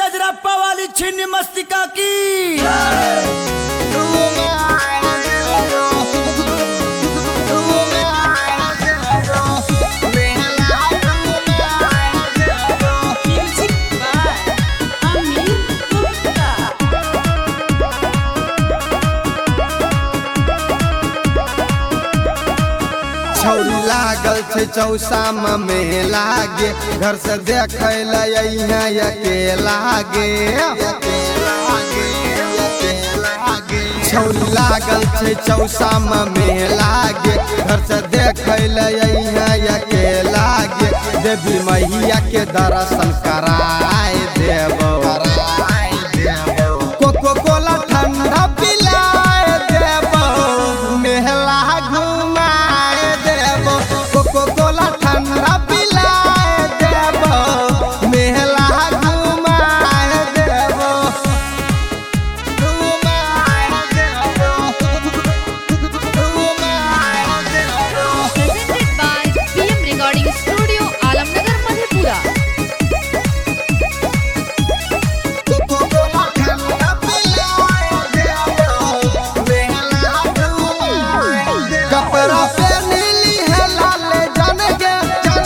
रजरप्पा वाली छिन्नी मस्तिका की लागल चौसा चौसाम में लागे घर से देख लगे गे लागल चौसा चौसाम में लागे घर से देख अकेला गे देवी मैया के दर्शन कराए देव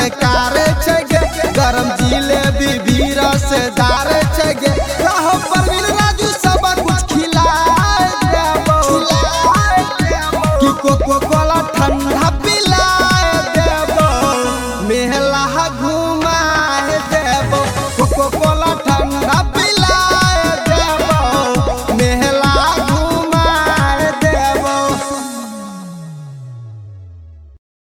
सरकार छगे गरम जिलेबी भी रसदार छगे कहो परवीन राजू सब कुछ खिलाए देबो खिलाए देबो कि कोको कोला ठंडा पिलाए देबो मेहला घुमाए देबो कोको कोला